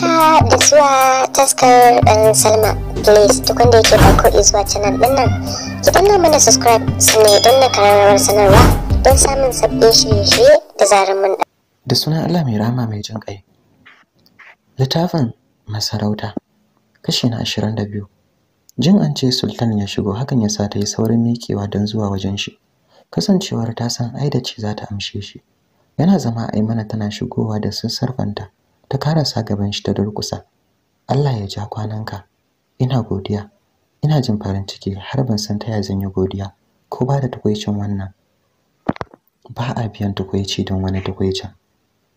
haka ah, da zuwa taskar ɗan um, salma please duk wanda yake farko izuwa canal ɗin nan ki danna mana subscribe sannan don na kararrawar sanarwa don samun sabbin shirye-shirye da zarar mun da da sunan allah mai rama mai jin ƙai littafin masarauta kashi na ashirin da biyu jin an ce sultan ya shigo hakan ya sa ta yi saurin miƙewa don zuwa wajen shi kasancewar ta san da ce za ta amshe shi yana zama aimana tana shigowa da sassarfanta ta karasa gaban shi ta durkusa Allah ya ja kwananka ina godiya ina jin farin ciki har ban san ta ya zan yi godiya ko ba da takwaicin wannan ba a biyan takwaici don wani takwaicin.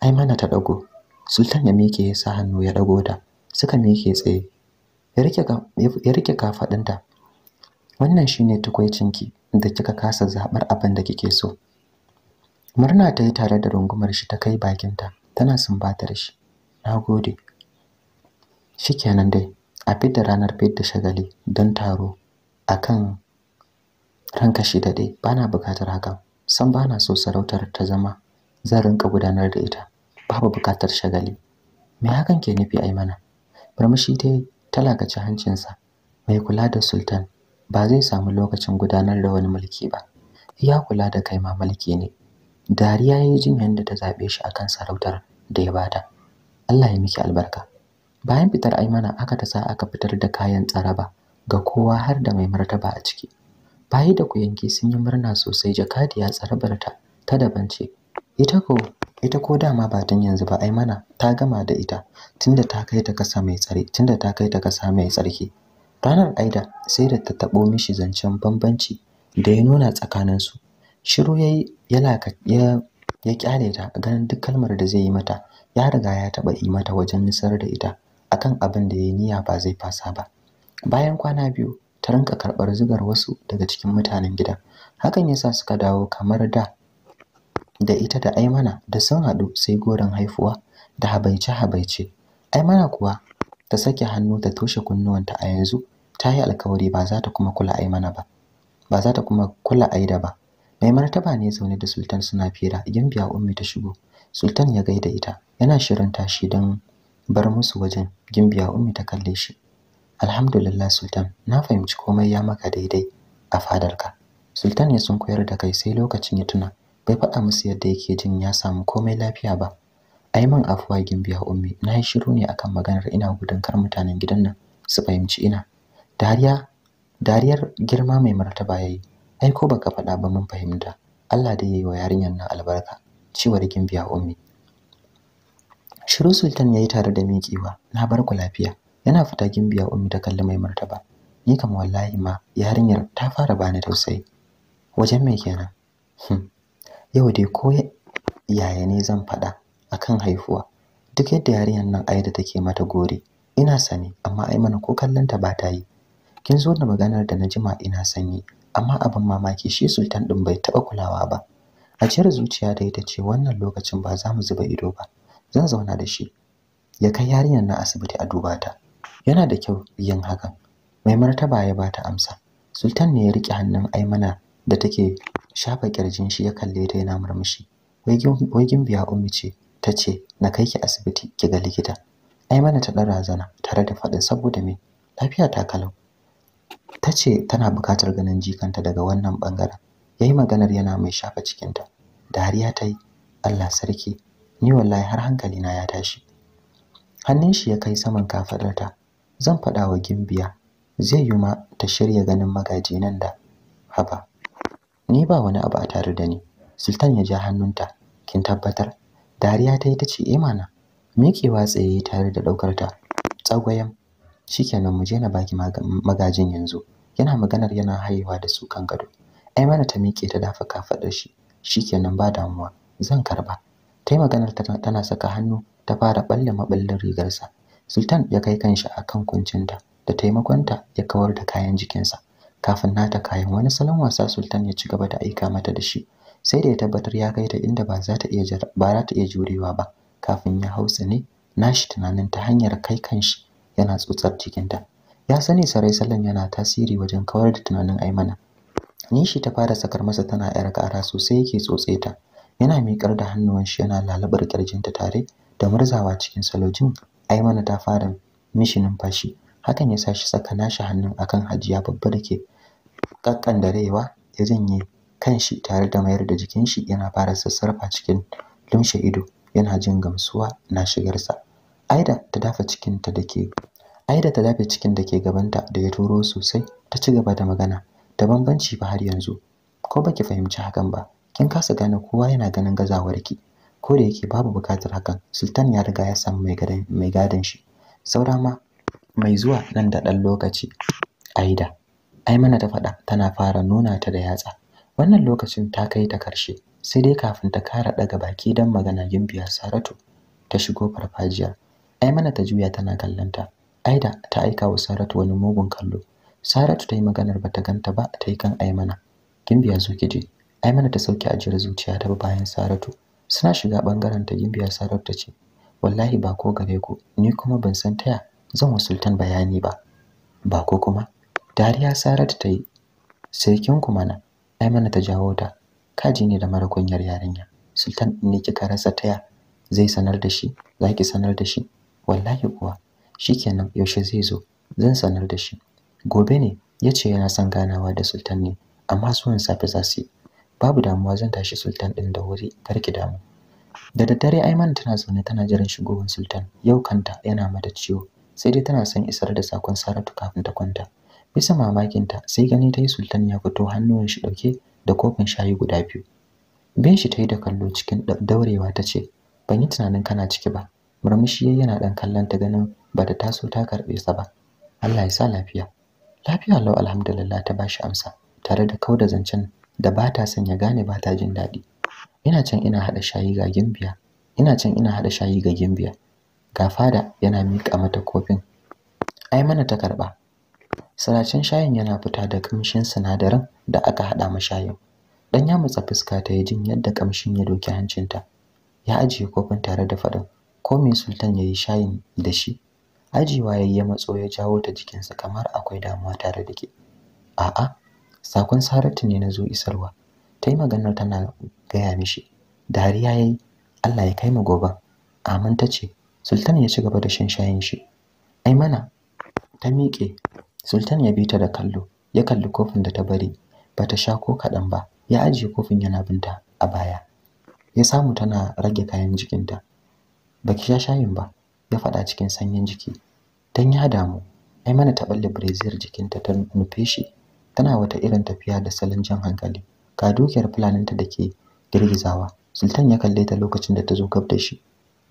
ai mana ta dago sultan ya mike ya sa hannu ya dago ta suka mike tsaye ya rike kafaɗinta. wannan shine ki da kika kasa zabar abin da kike so murna ta yi tare da rungumar shi ta kai bakinta tana sumbatar shi na gode shi kenan dai a fidda ranar fidda shagali don taro a kan ran kashi daɗe bana buƙatar hakan san bana so sarautar ta zama zan rinka gudanar da ita babu buƙatar shagali mai hakan ke nufi ai mana murmushi dai talakaci hancinsa mai kula da sultan ba zai samu lokacin gudanar da wani mulki ba ya kula da kai ma mulki ne dariya ya yi jin yadda ta zaɓe shi akan sarautar da ya bata Allah ya miki albarka bayan fitar aimana aka ta sa aka fitar da kayan tsaraba ga kowa har da mai martaba a ciki bayi da kuyanki sun yi murna sosai jakadiya tsarabar ta ta daban ce ita ko ita ko dama ba tun yanzu ba aimana ta gama da ita tunda ta kai ta kasa mai tsare tunda ta kai ta kasa mai tsarki ranar aida sai da ta tabo mishi zancen bambanci da ya nuna tsakanin su shiru yayi ya ya kyale ta ganin duk kalmar da zai yi mata ya riga ya taɓa yi mata wajen nisar da ita akan abin da ya yi niyya ba zai fasa ba bayan kwana biyu ta rinka karɓar zigar wasu daga cikin mutanen gidan hakan yasa suka dawo kamar da da ita da aimana da sun haɗu sai gorin haifuwa da habaice habaice aimana kuwa ta sake hannu ta toshe kunnuwanta a yanzu ta yi alkawari ba za ta kuma kula aimana ba ba za ta kuma kula aida ba mai martaba ne zaune da sultan suna fira gimbiya ummi ta shigo Sultan ya gaida ita, yana shirin tashi don bar musu wajen. Gimbiya Ummi ta kalle shi. Alhamdulillah Sultan, na fahimci komai ya maka daidai a fadarka. Sultan ya sun koyar da kai sai lokacin ya tuna. Bai faɗa musu yadda yake jin ya samu komai lafiya ba. Ai man afuwa Gimbiya Ummi, na yi shiru ne akan maganar ina gudun kar mutanen gidan nan su fahimci ina. Dariya dariyar girma mai martaba yayi. Ai ko baka faɗa ba mun fahimta. Allah dai ya yi wa yarinyar nan albarka. ciwar gimbiya ummi shiru sultan yayi tare da miƙewa na bar ku lafiya yana fita gimbiya ummi ta kalli mai martaba ni kam wallahi ma yarinyar ta fara bani tausayi wajen me kenan hm. yau dai ko yaya ne zan faɗa akan haifuwa duk yadda yarinyar nan aida take mata gore ina sani amma ai mana ko kallanta ba ta yi kin zo da maganar da na jima ina sanyi amma abin mamaki shi sultan din bai taɓa kulawa ba A ajiyar zuciya da ita ce wannan lokacin ba za mu zuba ido ba zan zauna da shi ya kai yarinyar na asibiti a duba ta yana da kyau yin hakan mai martaba ya bata amsa sultan ne ya riƙe hannun aimana da take shafa kirjin shi ya kalle ta yana murmushi wai biya ummi ce ta ce na kai ki asibiti ki ga likita aimana ta ɗan razana tare da faɗin saboda me lafiya ta kalau ta ce tana buƙatar ganin jikanta daga wannan bangaren ya yi maganar yana mai shafa cikinta dariya ta yi allah sarki ni wallahi har hankali na ya tashi hannun shi ya kai saman kafadarta zan faɗa wa gimbiya zai yi ma ta shirya ganin magaji nan da haba ni ba wani abu a tare da ni sultan ya ja hannunta kin tabbatar dariya ta yi ta ce imana eh miƙewa tsaye tare da ɗaukar ta tsagwayen shikenan mu je na baki magajin yanzu yana maganar yana haihuwa da su kan gado Aimana ta miƙe ta dafa kafaɗar shi. shi kenan ba damuwa, zan karba. Tai maganar ta tana saka hannu ta fara ɓalle maɓallin rigarsa. Sultan ya kai kanshi a akan kuncinta da taimakonta ya kawar da kayan jikinsa. Kafin nata kayan wani salon wasa Sultan ya ci gaba da aika mata da shi. Sai da ya tabbatar ya kai ta inda ba za ta iya ba jurewa ba. Kafin ya hausa ne nashi tunanin ta hanyar kai kanshi yana tsotsar jikinta. Ya sani sarai salon yana tasiri wajen kawar da tunanin Aimana. nishi ta fara sakar masa tana yar ƙara sosai yake tsotse ta yana miƙar da hannuwan shi yana lalabar ƙirjinta tare da murzawa cikin salojin ai mana ta fara mishi numfashi hakan ya sa shi saka nashi hannun akan hajiya babba da ke kakkandarewa ya janye kanshi tare da mayar da jikin shi yana fara sassarfa cikin lumshe ido yana jin gamsuwa na shigarsa aida ta dafa cikin ta dake aida ta dafe cikin ke gabanta da ya turo sosai ta ci gaba da magana da bambanci ba har yanzu ko baki fahimci hakan ba kin kasa gane kowa yana ganin gazawarki ko da yake babu bukatar hakan sultan ya riga ya samu mai gadan mai gadan shi saura ma mai zuwa nan da dan lokaci aida ai mana ta faɗa tana fara nuna ta da yatsa wannan lokacin ta kai ta karshe sai dai kafin ta kara daga baki dan magana gimbiya saratu ta shigo farfajiya ai mana ta juya tana kallanta aida ta aika wa saratu wani mugun kallo Saratu ta yi maganar bata ganta ba ta yi kan Aimana. Gimbiya zo ki je. Aimana ta sauke ajiyar zuciya ta bayan Saratu. Suna shiga ɓangaren ta Gimbiya Saratu ta ce, "Wallahi ba ko gare ku, ni kuma ban san taya zan wa sultan bayani ba." Ba ko kuma Dariya Saratu ta yi. Sai kin kuma na. Aimana ta jawo ta. Kaji ne da mara kunyar yarinya. Sultan ne kika rasa taya zai sanar da shi, zaki sanar da shi. Wallahi kuwa shikenan yaushe zai zo zan sanar da shi. gobe ne ya ce yana son ganawa da sultan ne amma suwan safe za su yi babu damuwa zan tashi sultan ɗin da wuri kar ki damu da daddare aiman tana zaune tana jiran shigowar sultan yau kanta yana mata ciwo sai dai tana son isar da sakon saratu kafin ta kwanta bisa mamakinta sai gani ta yi sultan ya fito hannuwan shi ɗauke da kofin shayi guda biyu bin shi ta yi da kallo cikin daurewa ta ce ban yi tunanin kana ciki ba murmushi yana ɗan kallon ta ganin ba ta taso ta karɓe sa ba Allah ya sa lafiya lafiya lau alhamdulillah ta bashi amsa tare da kauda zancen da ba ta son ya gane ba ta jin daɗi ina can ina haɗa shayi ga gimbiya ina can ina haɗa shayi ga gimbiya ga fada yana miƙa mata kofin ai mana ta karɓa saracen shayin yana fita da kamshin sinadaran da aka haɗa ma shayin dan ya matsa fuska ta jin yadda kamshin ya doki hancinta ya ajiye kofin tare da faɗin ko me sultan yi shayin da shi ajiwa yayi ya matso ya jawo ta jikinsa kamar akwai damuwa tare da ke a'a sakon saratu ne na zo isarwa ta yi maganar tana gaya mishi dariya yayi Allah ya kai mu gobe amin ta ce sultan ya ci gaba da shan shayin shi ai mana ta miƙe sultan ya bi ta da kallo ya kalli kofin da ta bari bata sha ko kaɗan ba ya ajiye kofin yana binta a baya ya samu tana rage kayan jikinta baki sha shayin ba ya faɗa cikin sanyin jiki dan ya damu ai mana ta balle brazier jikinta ta nufe shi tana wata irin tafiya da salon jan hankali ga dukiyar fulaninta da ke girgizawa sultan ya kalle ta lokacin da ta zo gab da shi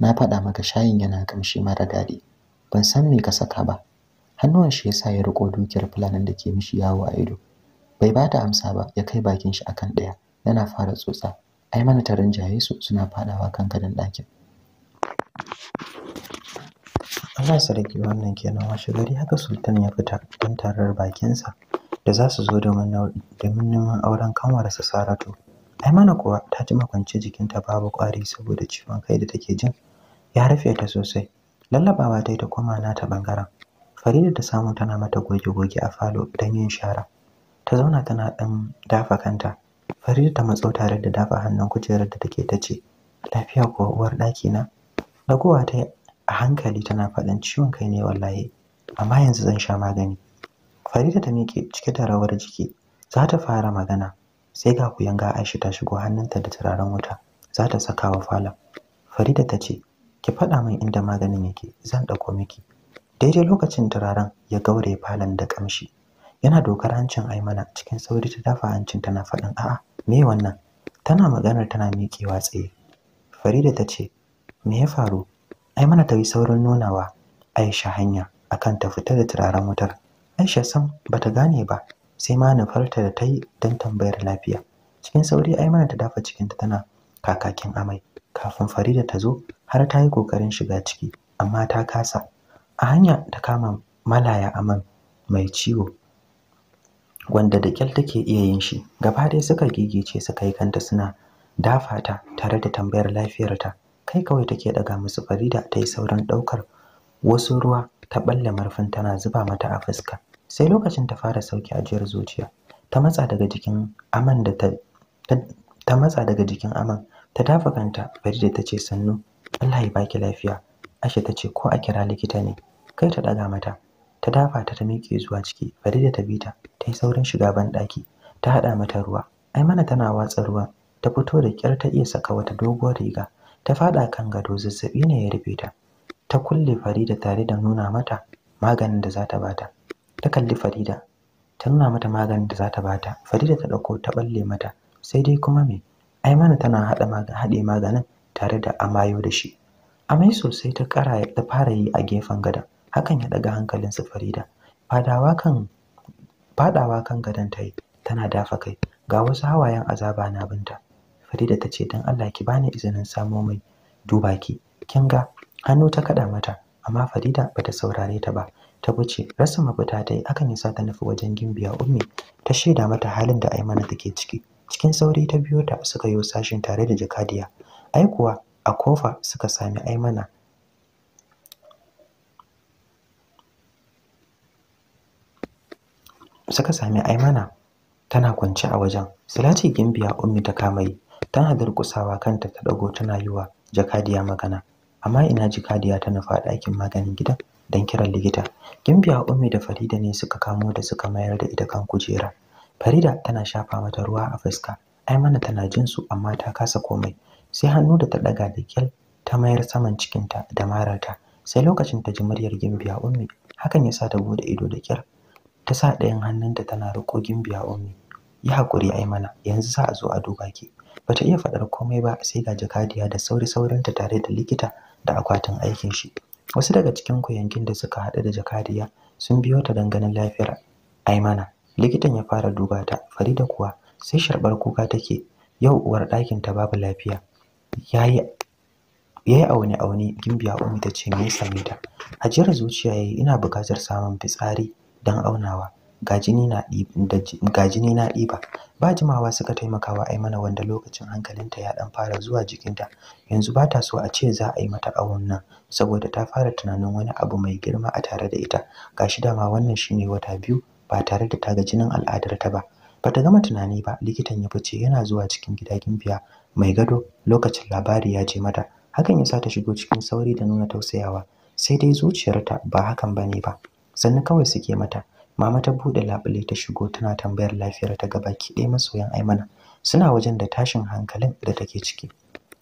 na faɗa maka shayin yana kamshi mara daɗi ban san me ka saka ba hannuwan shi yasa ya riko dukiyar fulanin da ke mishi yawo a ido bai bata amsa ba ya kai bakin shi akan ɗaya yana fara tsotsa ai mana ta jaye su suna faɗawa kan gadon ɗakin Allah sarki wannan kenan washe gari haka sultan ya fita don tarar bakinsa da za su zo domin neman auren kanwarsa Saratu. Aimana kuwa ta ji makwance jikinta babu kwari saboda ciwon kai da take jin ya rufe ta sosai. Lallabawa ta yi ta koma nata bangaren. Farida ta samu tana mata goge-goge a falo don yin shara. Ta zauna tana ɗan dafa kanta. Farida ta matso tare da dafa hannun kujerar da take ta ce, Lafiya kuwa uwar ɗaki na? Ragowa ta a hankali tana faɗin ciwon kai ne wallahi amma yanzu zan sha magani farida ta miƙe cike da rawar jiki za ta fara magana sai ga kuyan ga aisha ta shigo hannunta da turaren wuta za ta saka wa falon farida ta ce ki faɗa min inda maganin yake zan ɗauko miki daidai lokacin turaren ya gaure falon da ƙamshi yana dokar hancin aimana cikin sauri ta dafa hancin tana faɗin a'a me wannan tana maganar tana miƙewa tsaye farida ta ce me ya faru ai mana ta yi saurin nunawa aisha hanya akan ta fita da turaren wutar aisha san bata gane ba sai ma nufarta da ta yi don tambayar lafiya cikin sauri ai mana ta dafa cikin ta tana kakakin amai kafin farida ta zo har ta yi kokarin shiga ciki amma ta kasa a hanya ta kama malaya aman mai ciwo wanda da kyal take iya yin shi gaba ɗaya suka gigice suka yi kanta suna dafa ta tare da tambayar lafiyarta kai kawai take daga musu Farida ta yi sauran daukar wasu ruwa ta balle marfin tana zuba mata a fuska sai lokacin ta fara sauki ajiyar zuciya ta matsa daga jikin aman da ta ta matsa daga jikin aman ta dafa kanta Farida ta ce sannu Allah ya baki lafiya Ashe ta ce ko a kira likita ne kai ta daga mata ta dafa ta ta miƙe zuwa ciki Farida ta bi ta ta yi saurin shiga ban daki ta haɗa mata ruwa ai mana tana watsa ruwa ta fito da kyar ta iya saka wata doguwar riga ta fada kan gado zazzabi ne ya rufe ta ta kulle Farida tare da nuna mata maganin da za ta bata ta kalli Farida ta nuna mata maganin da za ta bata Farida ta dauko ta balle mata sai dai kuma me Aimana tana hada maganin hade maganin tare da amayo da shi amai sosai ta kara ta fara yi a gefen gadon hakan ya daga hankalin su Farida fadawa kan fadawa kan gadon ta yi tana dafa kai ga wasu hawayen azaba na binta Farida ta ce don Allah ki bani izinin samo mai duba ki. Kin ga hannu ta kaɗa mata amma Farida bata saurare ta ba. Ta wuce rasa mafita ta yi akan yasa ta nufi wajen gimbiya ummi ta shaida mata halin da Aimana take ciki. Cikin sauri ta biyo ta suka yi sashin tare da jakadiya. Ai kuwa a kofa suka sami Aimana suka sami Aimana tana kwance a wajen. Salati gimbiya ummi ta kama yi Tan tana kusawa kanta ta ɗago tana yi wa jakadiya magana amma ina jakadiya ta nufa ɗakin maganin gidan don kiran likita gimbiya ummi da farida ne suka kamo da suka mayar da ita kan kujera farida tana shafa mata ruwa a fuska ai mana tana jin su amma ta kasa komai sai hannu da ta ɗaga da kyal ta mayar saman cikinta da marata sai lokacin ta ji muryar gimbiya ummi hakan ya sa ta bude ido da kyar ta sa ɗayan hannunta tana riko gimbiya ummi yi hakuri ai mana yanzu za a zo a duba ki bata iya faɗar komai ba sai ga jakadiya da sauri ta tare da likita da akwatin aikin shi wasu daga cikin kuyankin da suka haɗu da jakadiya sun biyo ta ganin lafiyar aimana likitan ya fara duba ta farida kuwa sai sharbar kuka take yau uwar ɗakin ta babu lafiya yayi yayi aune aune gimbiya umi ta ce me ya same ta hajiyar zuciya yayi ina buƙatar samun fitsari don aunawa ga jini na ɗiba ba jimawa suka taimakawa mana wanda lokacin hankalinta ya ɗan fara zuwa jikinta yanzu ba ta so a ce za a yi mata awon nan saboda ta fara tunanin wani abu mai girma a tare da ita ga gashi dama wannan shine wata biyu ba tare da ta ga jinin al'adarta ba Ba ta gama tunani ba likitan ya fice yana zuwa cikin gida gimbiya mai gado lokacin labari ya je mata hakan ya sa ta shigo cikin sauri da nuna tausayawa sai dai zuciyarta ba hakan bane ba sannan kawai suke mata mama ta buɗe labule ta shigo tana tambayar lafiyar ta gabaki ɗaya masoyan aimana suna wajen da tashin hankalin da take ciki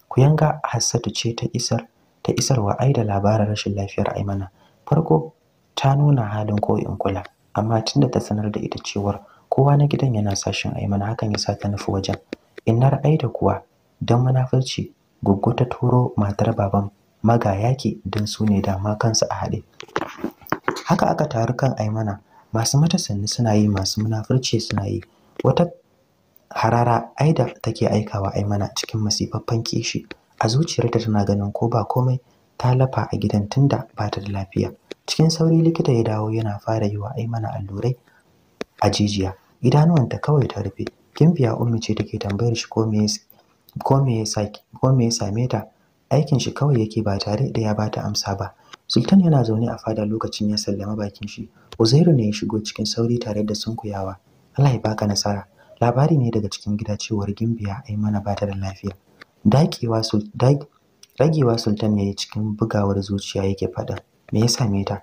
ku yanga hassatu ce ta isar ta isarwa ai da labarin rashin lafiyar aimana farko ta nuna halin ko kula amma tunda ta sanar da ita cewar kowa na gidan yana sashin aimana hakan ya sa ta nufi wajen innar aida kuwa don munafurci goggo ta turo matar baban magayaki don su ne dama kansu a haɗe haka aka taru kan aimana masu mata suna yi masu munafurci suna yi wata harara ai da take aikawa ai mana cikin masifaffen kishi a zuciyar ta tana ganin ko ba komai ta lafa a gidan tunda ba ta da lafiya cikin sauri likita ya dawo yana fara yi wa ai mana allurai a jijiya idanuwanta kawai ta rufe kimbiya ummi ce take tambayar shi ko ko me ya same ta aikin shi kawai yake ba tare da ya bata amsa ba Sultan yana zaune a fada lokacin ya sallama bakin shi. Uzairu ne ya shigo cikin sauri tare da sunkuyawa. Allah ya baka nasara. Labari ne daga cikin gida cewar Gimbiya ai mana ba ta da lafiya. Dakewa Sultan ragewa Sultan ne cikin bugawar zuciya yake fada. Me ya same ta?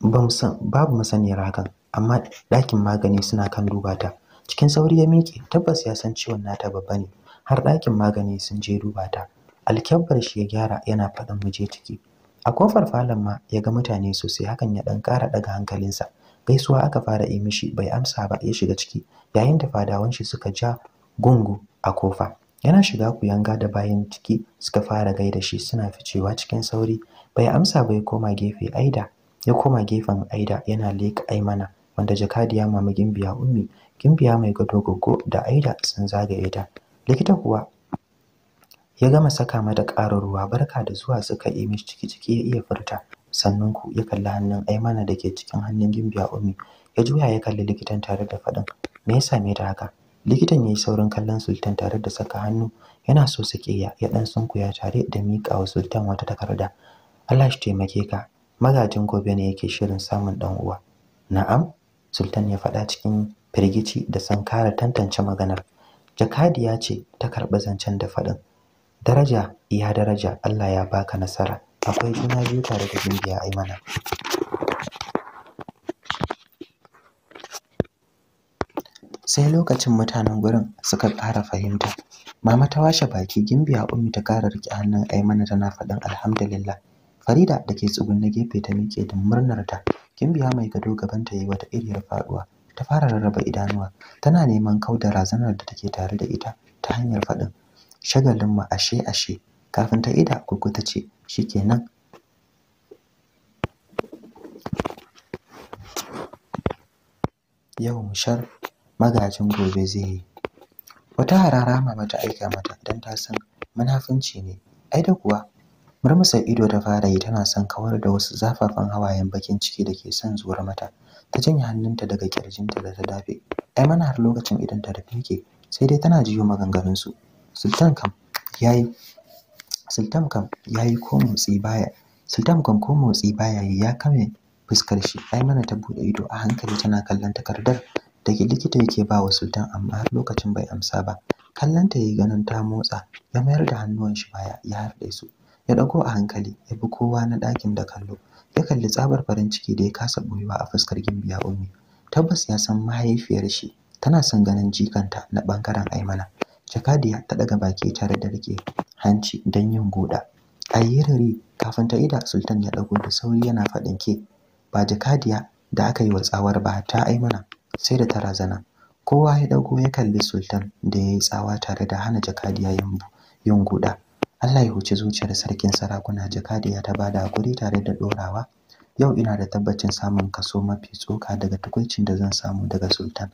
Ban san babu masaniyar hakan amma ɗakin magani suna kan duba ta. Cikin sauri ya miƙe tabbas ya san ciwon nata babba ne. Har ɗakin magani sun je duba ta. alkyabbar shi ya gyara yana faɗin muje ciki a kofar falon ma ya ga mutane sosai hakan ya ɗan ƙara ɗaga hankalinsa gaisuwa aka fara yi mishi bai amsa ba ya shiga ciki yayin da fadawan shi suka ja gungu a kofa yana shiga kuyanga da bayan ciki suka fara gaida shi suna ficewa cikin sauri bai amsa ba ya koma gefe aida ya koma gefen aida yana leka aimana wanda jakadiya mama gimbiya ummi gimbiya mai gado goggo da aida sun zagaye ta likita kuwa ya gama saka mata ƙarin ruwa barka da zuwa suka yi mishi ciki ciki ya iya furta sannan ku ya kalli hannun aimana da ke cikin hannun gimbiya umi ya juya ya kalli likitan tare da faɗin me ya same ta haka likitan ya yi saurin kallon sultan tare da saka hannu yana so su ya ya dan sunkuya tare da miƙa wa sultan wata takarda Allah shi taimake ka magajin gobe ne yake shirin samun ɗan uwa na'am sultan ya faɗa cikin firgici da sankara tantance maganar jakadiya ce ta karɓi zancen da faɗin daraja iya daraja Allah ya baka nasara akwai juna biyu tare da gimbiya mana sai lokacin mutanen gurin suka ƙara fahimta mama ta washe baki gimbiya ummi ta ƙara riƙe hannun Aimana tana faɗin alhamdulillah Farida da ke tsugunne gefe ta miƙe da murnar ta gimbiya mai gado gaban ta yi wata iriyar faɗuwa ta fara rarraba idanuwa tana neman kauda razanar da take tare da ita ta hanyar faɗin shagalin mu ashe ashe kafin ta ida kuku ta ce shi shikenan yau mushar magajin gobe zai yi wata harara mama ta aika mata don ta san munafunci ne ai da kuwa murmusa ido ta fara yi tana son kawar da wasu zafafan hawayen bakin ciki da ke son zuwar mata ta janye hannunta daga kirjinta da ta dafe ai mana har lokacin idan ta rufe yake sai dai tana jiyo maganganunsu sultan kam yayi sultan kam yayi ko motsi baya sultan kam ko motsi baya ya kame fuskar shi ai mana ta bude ido a hankali tana kallon takardar da likita yake ba wa sultan amma har lokacin bai amsa ba kallon ta yayi ganin ta motsa ya mayar da hannuwan shi baya ya harɗe su ya dago a hankali ya bi kowa na ɗakin da kallo ya kalli tsabar farin ciki da ya kasa buyuwa a fuskar gimbiya ummi tabbas ya san mahaifiyar shi tana son ganin jikanta na bangaren Aimana jakadiya ta daga baki tare da rike hanci don yin goda ayyirari kafin ta ida sultan ya dago da sauri yana faɗin ke ba jakadiya da aka yi wa tsawar ba ta mana sai da ta razana kowa ya dago ya kalli sultan da ya yi tsawa tare da hana jakadiya yin goda. Allah ya huce zuciyar sarkin sarakuna jakadiya ta bada hakuri tare da dorawa yau ina da tabbacin samun kaso mafi tsoka daga tukuncin da zan samu daga sultan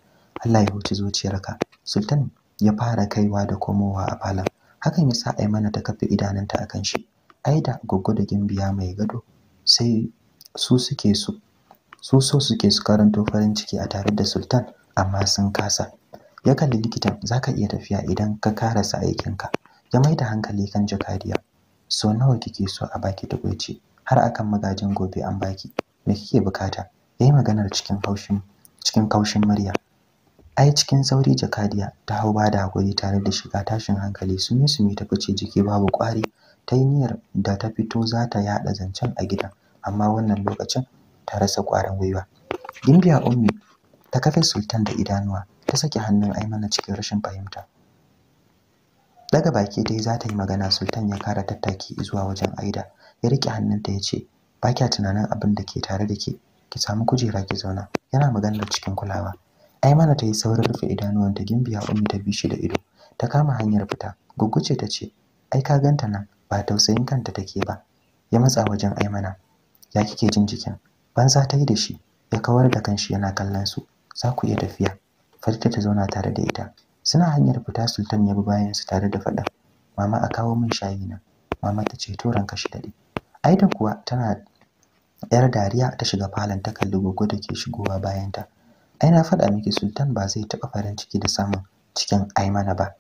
Allah ya huce zuciyarka sultan ya fara kaiwa da komowa a falon hakan ya sa mana ta kafe idanunta akan shi da goggo da gimbiya mai gado sai su suke su su so suke su karanto farin ciki a tare da sultan amma sun kasa ya kalli likitan zaka iya tafiya idan ka karasa aikinka ya mai da hankali kan jakadiya so nawa kike so a baki takwaici har akan magajin gobe an baki me kike bukata yayi maganar cikin haushin cikin kaushin murya ai cikin sauri jakadiya ta hau da hakuri tare da shiga tashin hankali sumi sumi ta fice jiki babu kwari ta yi niyyar da ta fito za ta yada zancen a gidan amma wannan lokacin ta rasa kwarin gwiwa gimbiya ummi ta kafe sultan da idanuwa ta saki hannun aimana cikin rashin fahimta daga baki dai za ta yi magana sultan ya kara tattaki zuwa wajen aida ya rike hannunta ya ce ba kya tunanin abin da ke tare da ke ki samu kujera ki zauna yana maganar cikin kulawa Aimana ta yi saurin rufe idanuwanta gimbiya umu ta bi shi da ido. Ta kama hanyar fita. Gugguce ta ce, "Ai ka ganta nan, ba tausayin kanta take ba." Ya matsa wajen Aimana. "Ya kike jin jikin?" Banza ta yi da shi. Ya kawar da kanshi yana kallon su. "Za ku iya tafiya." Farida ta zauna tare da ita. Suna hanyar fita Sultan ya bi bayan su tare da fada. "Mama a kawo min shayi nan." Mama ta ce, "To ranka shi daɗi. Aida kuwa tana yar dariya ta shiga falon ta kalli gogo da ke shigowa bayanta. ai na faɗa miki sultan ba zai taɓa farin ciki da samun cikin aimana ba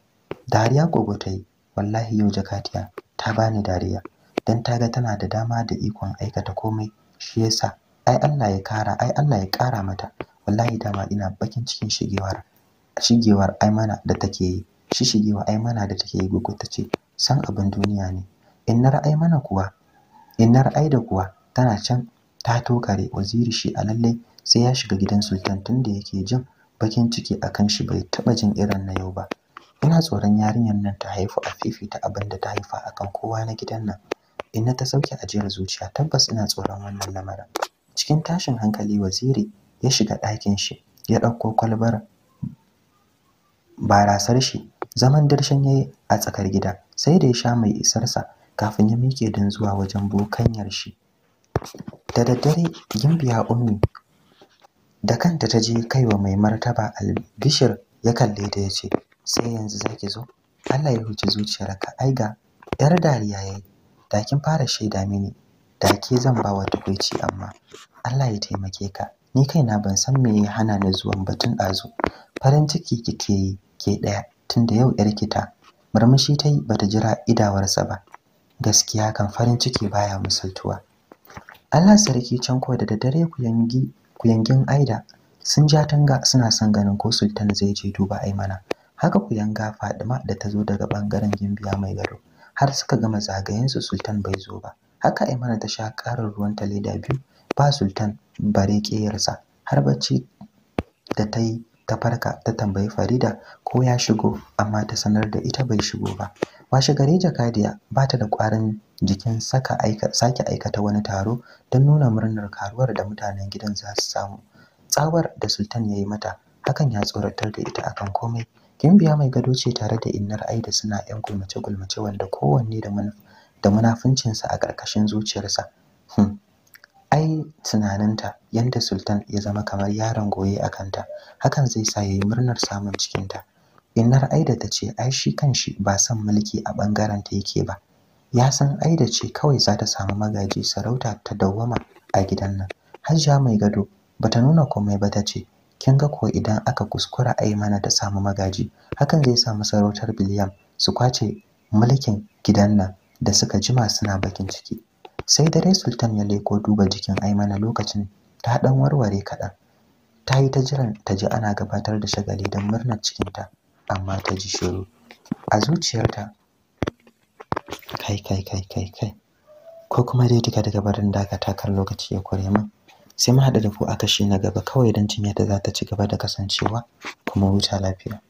dariya gogo ta yi wallahi yau jakatiya ta bani dariya dan ta ga tana da dama da ikon aikata komai shi yasa ai Allah ya kara ai Allah ya kara mata wallahi dama ina bakin cikin shigewar shigewar aimana da take yi shi shigewa aimana da take yi gogo ta ce san abin duniya ne in na ra'ai mana kuwa in na ra'ai da kuwa tana can ta tokare waziri shi a lallai sai ya shiga gidan sultan tunda yake jin bakin ciki akan shi bai taɓa jin irin na yau ba ina tsoron yarinyar nan ta haifu a fifita abin da ta haifa akan kowa na gidan nan inna ta sauke ajiyar zuciya tabbas ina tsoron wannan lamarin cikin tashin hankali waziri ya shiga ɗakin shi ya ɗauko kwalbar barasar shi zaman darshen yayi a tsakar gida sai da ya sha mai isarsa kafin ya miƙe don zuwa wajen bokanyar shi da daddare gimbiya ummi da kanta ta je kaiwa mai martaba albishir ya kalle ta ya ce sai yanzu zaki zo Allah ya huce zuciyarka ai ga yar dariya yayi da kin fara shaida mini da ke zan ba wa tukuici amma Allah ya taimake ka ni kaina ban san me ya hana ni zuwan batun ɗazu farin ciki kike yi ke ɗaya tunda yau yar kita murmushi ta yi bata jira idawarsa ba gaskiya kan farin ciki baya misaltuwa Allah sarki can ko da dare ku yangi kuyangin aida sun ja tanga suna son ganin ko sultan zai je duba aimana haka kuyanga fadima da ta zo daga bangaren gimbiya mai gado har suka gama zagayensu sultan bai zo ba haka aimana ta sha karin ruwan ta leda biyu ba sultan bare ƙeyarsa har bacci da ta yi ta farka ta tambayi farida ko ya shigo amma ta sanar da ita bai shigo ba washe gare jakadiya ba ta da kwarin jikin sake aikata wani taro don nuna murnar karuwar da mutanen gidan za su samu tsawar da sultan ya yi mata hakan ya tsoratar da ita akan komai gimbiya mai gado ce tare da innar aida suna yan gulmace gulmace wanda kowanne da da munafuncinsa a ƙarƙashin zuciyarsa hmm. ai tunaninta yadda sultan ya zama kamar yaron goye a kanta hakan zai sa ya yi murnar samun cikinta innar aida ta ce ai shi kanshi ba son mulki a ɓangaren ta yake ba ya san ai da ce kawai za ta samu magaji sarauta ta dawwama a gidan nan hajja mai gado bata nuna komai ba ta ce kin ga ko idan aka kuskura ai mana ta samu magaji hakan zai samu sarautar biliyam su kwace mulkin gidan nan da suka jima suna bakin ciki sai dare sultan ya leko duba jikin aimana lokacin ta dan warware kaɗan ta yi ta jiran ta ji ana gabatar da shagali don murnar cikinta amma ta ji shiru a zuciyarta kai kai kai kai kai ko kuma dai duka daga barin dakata takar lokaci ya kure min sai mu haɗu da ku a kashi na gaba kawai don cinye da za ta ci gaba da kasancewa kuma wuta lafiya